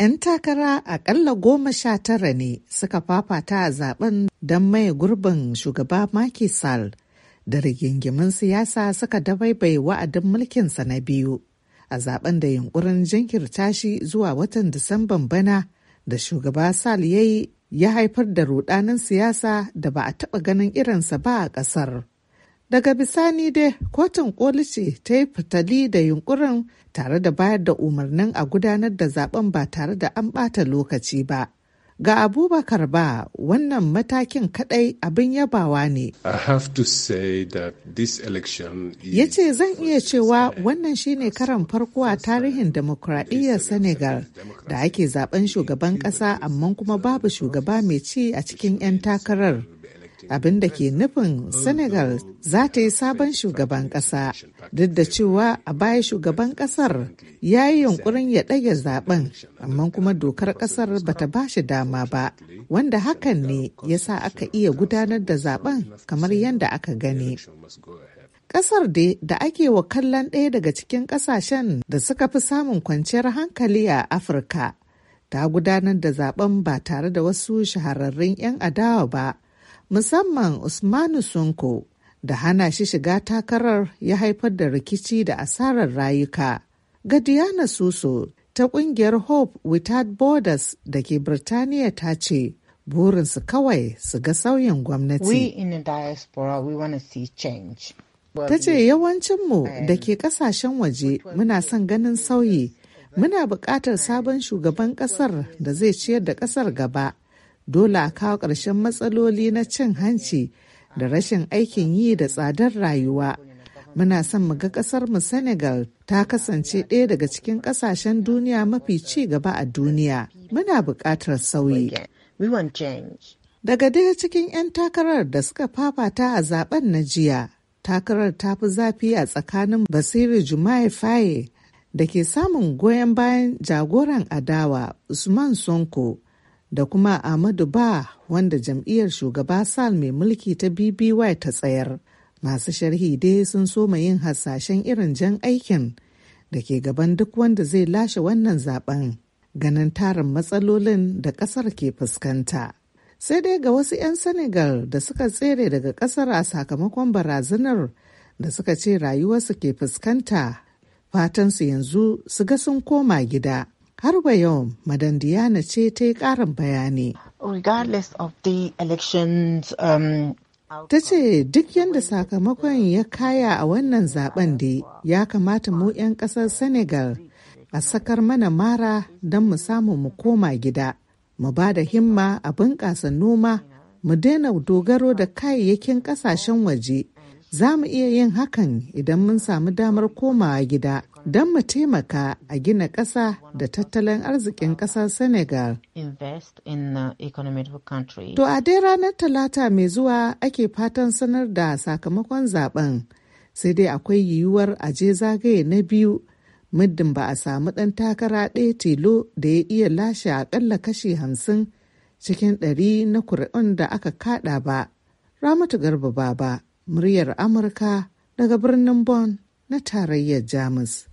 'Yan takara akalla goma sha tara ne suka fafata a zaben don maye gurbin shugaba maki Sal, da rigingimin siyasa suka dabaibai wa'adin mulkinsa na biyu a zaben da yunkurin jinkirta shi zuwa watan Disamban bana da shugaba Sal ya yi ya haifar da rudanin siyasa da ba a taɓa ganin irinsa ba a ƙasar. Daga bisani dai kotun koli ce ta yi fitali da yunkurin tare da bayar da umarnin a gudanar da zaben ba tare da an ɓata lokaci ba. Ga Abubakar ba wannan matakin kadai abin yabawa ne. Ya ce zan iya cewa wannan shine karan farko a tarihin demokuraɗiyyar Senegal da ake zaben shugaban ƙasa amma kuma babu shugaba mai ci a cikin 'yan takarar. abin da ke nufin Senegal za ta yi sabon shugaban ƙasa duk da cewa a baya shugaban ƙasar ya yi yunkurin ya ɗage zaben amma kuma dokar ƙasar ta ba shi dama ba wanda hakan ne ya sa aka iya gudanar da zaben kamar yadda aka gani. kasar da da ake wa kallon ɗaya daga cikin ƙasashen da suka fi samun kwanciyar hankali a afirka ta gudanar da zaben ba tare da wasu shahararrun 'yan adawa ba musamman Usmanu Sunko da hana shi shiga takarar ya haifar da rikici da asarar rayuka. Ga Diana Suso ta kungiyar Hope Without Borders da ke Birtaniya ta ce, burinsu kawai su ga sauyin gwamnati. We in the change. Ta ce yawancinmu da ke kasashen waje muna son ganin sauyi, muna buƙatar sabon shugaban ƙasar da zai ciyar da ƙasar gaba. dole a kawo ƙarshen matsaloli na cin hanci da rashin aikin yi da tsadar rayuwa. Muna son mu ga ƙasar mu Senegal ta kasance ɗaya daga cikin ƙasashen duniya mafi ci gaba a duniya. Muna buƙatar sauyi. Daga daya cikin 'yan takarar da suka fafata a zaben na jiya, takarar ta fi zafi a tsakanin Basiru Jumaye Faye da ke samun goyon bayan jagoran adawa Usman Sonko da kuma Ahmadu Ba wanda jam'iyyar shugaba Sal mai mulki ta BBY ta tsayar. Masu sharhi dai sun soma yin hasashen irin jan aikin da ke gaban duk wanda zai lashe wannan zaben ganin tarin matsalolin da kasar ke fuskanta. Sai dai ga wasu 'yan Senegal da suka tsere daga kasar a sakamakon barazanar da suka ce rayuwarsu ke fuskanta fatansu yanzu su ga sun koma gida. Harba yau Madan Diana ce ta yi karin bayani. Regardless of the elections, um, ta ce duk yadda sakamakon ya kaya a wannan zaben da ya kamata mu 'yan ƙasar senegal a sakar mana mara don mu samu mu koma gida mu ba da himma a bunƙasa noma mu daina dogaro da kayayyakin ƙasashen waje za mu iya yin hakan idan mun samu damar komawa gida don mu taimaka a gina ƙasa da tattalin arzikin ƙasar Senegal. Uh, to a dai ranar Talata mai zuwa ake fatan sanar da sakamakon zaben sai dai akwai yiwuwar aje zagaye na biyu muddin ba a samu ɗan takara ɗaya tilo da ya iya lashe aƙalla kashi hamsin cikin ɗari na kuri'un da aka kaɗa ba. Ramatu Garba Baba, muryar Amurka daga birnin Bon na tarayyar Jamus.